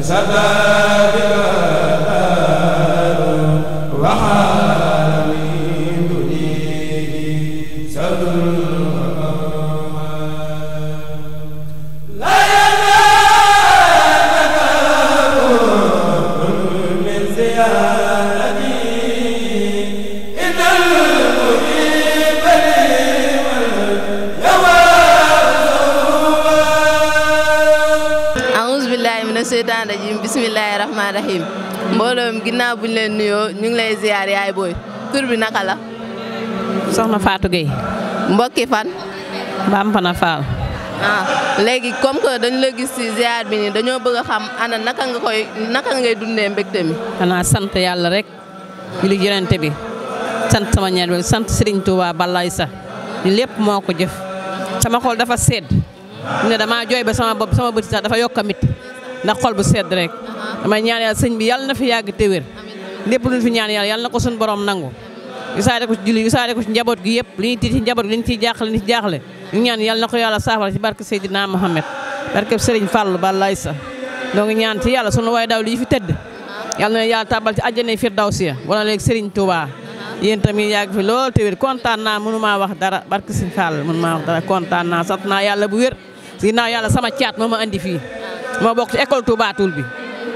sata rahmaani rahim mbooloom ginnaaw buñ leen nuyoo ñu ngi lay ziar yaay booy tur bi naka la. soxna faatu Gueye. mbokki fan. Bampana Fall. ah léegi comme que dañu la gis ci ziar bi nii dañoo bëgg a xam ana naka nga koy naka ngay dundee mbégte mi. xanaa sant yàlla rek. julli Yonent bi. sant sama ñaar bi sant Serigne Touba Balaye sa lépp moo ko jëf. sama xol dafa sedd. ne jooy ba sama bopp sama bët sax dafa yokk ndax xol bu sedd rek. Ah, damay ñaan yàlla sëñ bi yàlla na fi yàgg te wér lépp luñ fi ñaan yàlla yàlla na ko suñ borom nangu isaare ko ci julli isaare ko ci njaboot gi yëpp li ñu tiit ci njaboot gi li ñu ciy jaaxle li ñu ci jaaxle ñu ñaan yàlla na ko yàlla saafara ci barke Seydina Mohamed barke Serigne Fallou Balaye sa donc ñaan ci yàlla sunu waay daw li fi tëdd yàlla na yàlla tàbbal ci àjjana firdawsiya wala léegi Serigne Touba yéen tamit yàgg fi lool te wér kontaan naa mënu maa wax dara barke Serigne Fallou mënu maa wax kontaan naa sant naa yàlla bu wér ginnaaw yàlla sama caat moo ma andi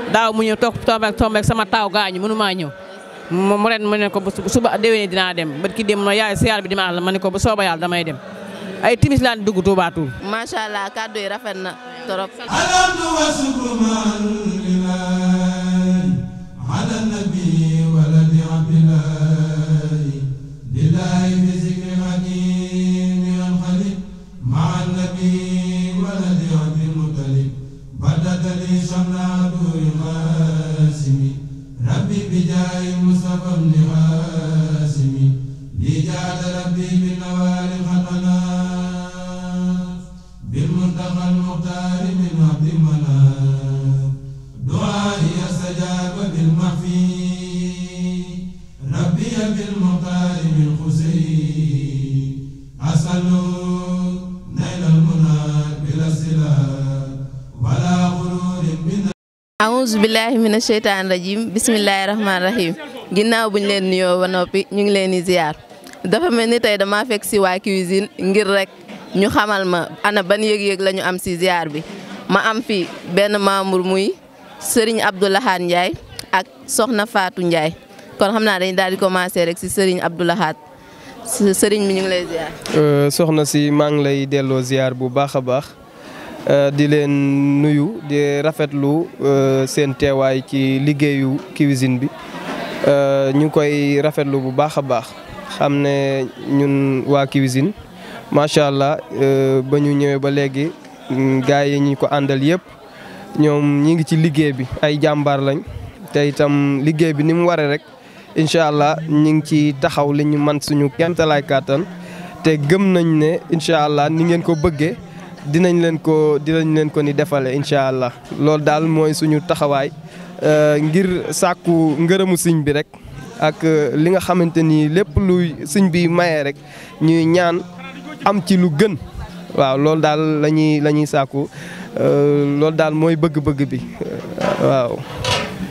daaw mu ñëw toog tombeek tombeek sama taaw gaañu mënu maa ñëw mu ren mu ne ko bu suba déwénee dinaa dem ba ki dem ma yaay siyaar bi dimanche la ma ne ko bu sooba yàlla damay dem ay timis laan dugg Tuubaa Tuul. macha allah kàddu rafet na trop. auzu billahi mina sheytaan rajim bismillahi rahmaani rahim ginnaaw buñ leen nuyoo ba noppi ñu ngi leen di ziar dafa mel ni tey damaa fekk si waa cuisine ngir rek ñu xamal ma ana ban yëg-yëg lañu am si ziar bi ma am fi benn membre muy Serigne Abdoulahat Ndiaye ak Soxna Fatou Ndiaye kon xam naa dañu daal di commencer rek si Serigne Abdoulahat Serigne mi ñu ngi lay ziar. Euh, soxna si maa ngi lay delloo ziar bu baax a baax euh, di leen nuyu di rafetlu euh, seen teewaay ci liggéeyu cuisine bi ñu koy rafetlu bu baax a baax. xam ne ñun waa cuisine macha allah euh, ba ñu ñëwee ba léegi mm, gars yi ñu ko àndal yëpp ñoom ñu ngi ci liggéey bi ay jàmbaar lañ te itam liggéey bi ni mu waree rek incha allah ñi ngi ci taxaw li ñu man suñu kemtalaay kàttan te gëm nañ ne incha allah ni ngeen ko bëggee dinañ leen ko dinañ leen ko ni defale incha allah loolu daal mooy suñu taxawaay euh, ngir sàkku ngërëmu siñ bi rek ak euh, li nga xamante ni lépp lu sëñ bi maye rek ñuy ñaan am ci lu gën waaw loolu daal la ñuy la ñuy sàkku euh, loolu daal mooy bëgg-bëgg bi euh, waaw.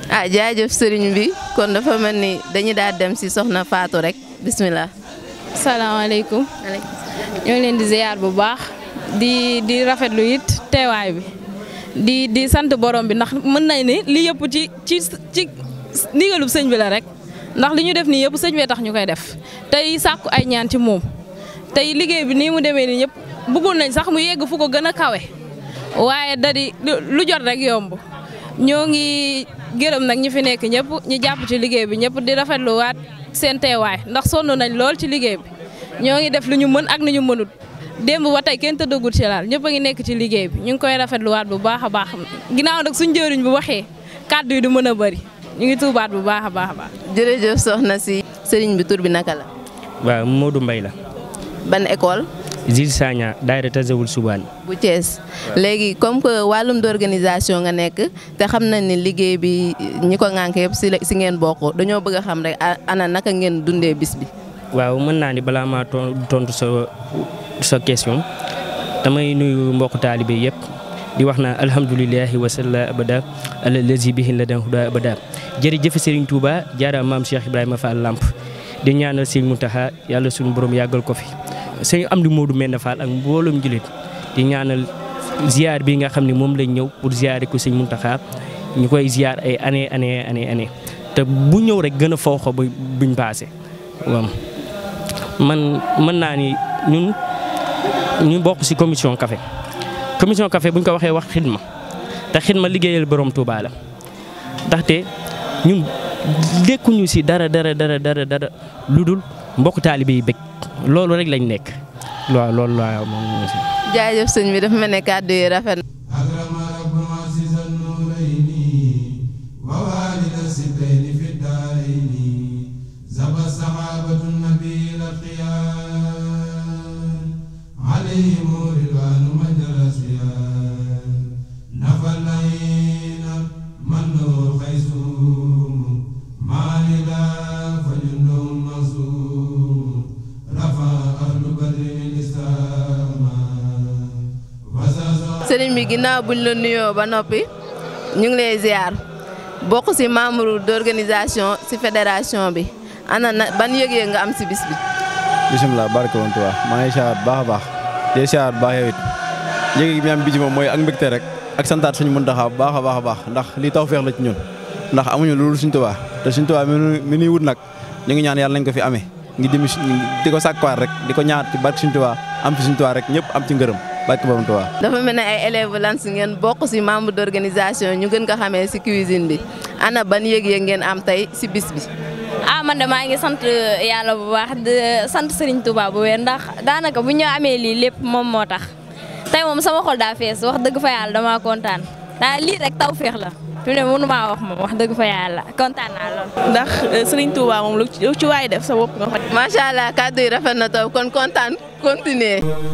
ah jaajëf bi kon dafa mel ni dañu daal dem si soxna Fatou rek bismillah. salaamaaleykum. ñoo leen di ziar bu baax. di di rafetlu it teewaay bi. di di sant borom bi ndax mën nañ ni li yëpp ci ci ci ndigalub sëñ bi la rek. ndax li ñu def nii yëpp sëñ bee tax ñu koy def tey sàkku ay ñaan ci moom tey liggéey bi nii mu demee ni ñëpp bëggoon nañ sax mu yegg fu ko gën a kawe waaye da lu jot rek yomb ñoo ngi gërëm nag ñi fi nekk ñëpp ñu jàpp ci liggéey bi ñëpp di rafetlu waat seen teewaay ndax sonn nañ lool ci liggéey bi ñoo ngi def lu ñu mën ak lu ñu mënut démb ba tey kenn tëddagul ci laal ñëpp ngi nekk ci liggéey bi ñu ngi koy rafetluwaat bu baax a baax ginnaaw nag suñ jëriñ bu waxee kàddu yi du mën a bëri ñu ngi tuubaat bu baax a baax a baax. jërëjëf soxna si. sëriñ bi tur bi naka la. waaw Modou Mbaye la. ban école. Zil Sagna daayira Tazawul Subaan bu Thiès léegi comme que wàllum organisation nga nekk te xam na ni liggéey bi ñi ko ŋànk yëpp si si ngeen bokk dañoo bëgg a xam rek ana naka ngeen dundee bis bi. waaw mën naa ni balaa maa tontu sa sa question damay nuyu mbokk taalibe yëpp. di wax naa alhamdulilahi wasalla abada alalazi bihin la dan huda abada jërëjëf Serigne Touba jaara maam Cheikh Ibrahima Fall Lamp di ñaanal si Serigne taxaa yàlla suñu borom yàggal ko fi sëñ Amdi Modou Menda Fall ak mbooloom jullit di ñaanal ziar bi nga xam ne moom lañ ñëw pour si ko sëñ taxaa ñu koy ziar ay année année année année te bu ñëw rek gën a fooxo bu buñ passé waaw man mën naa ni ñun ñu bokk ci commission café commission café bu ñu ko waxee wax xidma te xidma liggéeyal borom Touba la ñun dekkuñu si dara dara dara dara dara lu dul mbokk taalibe yi bëgg loolu rek lañ nekk waaw loolu waaw moom si. jaajëf sëñ bi dafa mel ne kàddu yi rafet na. ginnaaw buñ la nuyoo ba noppi ñu ngi lay ziar bokk ci membre d'organisation si fédération bi ana na ban yëg-yëg nga am ci bis bi. bisimilah barke woon tuwa maa ngi siyaar baax a baax di baax yow it yëg-yëg bi am bi ci moom mooy ak mbégte rek ak santaat suñu Muntaxa baax a baax a baax ndax lii tawfeex la ci ñun ndax amuñu loolu suñu Tuubaa te suñu Tuubaa mi nuy wut nag ñu ngi ñaan yàlla nañ ko fi amee ngi jëm di ko sàkkuwaat rek di ko ñaar ci barke suñu Tuubaa am fi suñu rek ñëpp am ci ngërëm bàkk bam tuwaa dafa mel ne ay élèves lan si ngeen bokk si membre d' organisation ñu gën ko xamee si cuisine bi ana ban yëg-yëg ngeen am tey si bis bi ah man de maa ngi sant yàlla bu baax di sant Serigne Touba bu wér ndax daanaka bu ñu amee lii lépp moom moo tax tey moom sama xol daa fees wax dëgg fa yàlla damaa kontaan daa lii rek taw feex la fi mu ne mënu maa wax moom wax dëgg fa yàlla kontaan naa lool. ndax eh, Serigne Touba moom lu ci waay def sa bopp nga ko. macha allah kàddu yi rafet na taw kon kontaan continuer.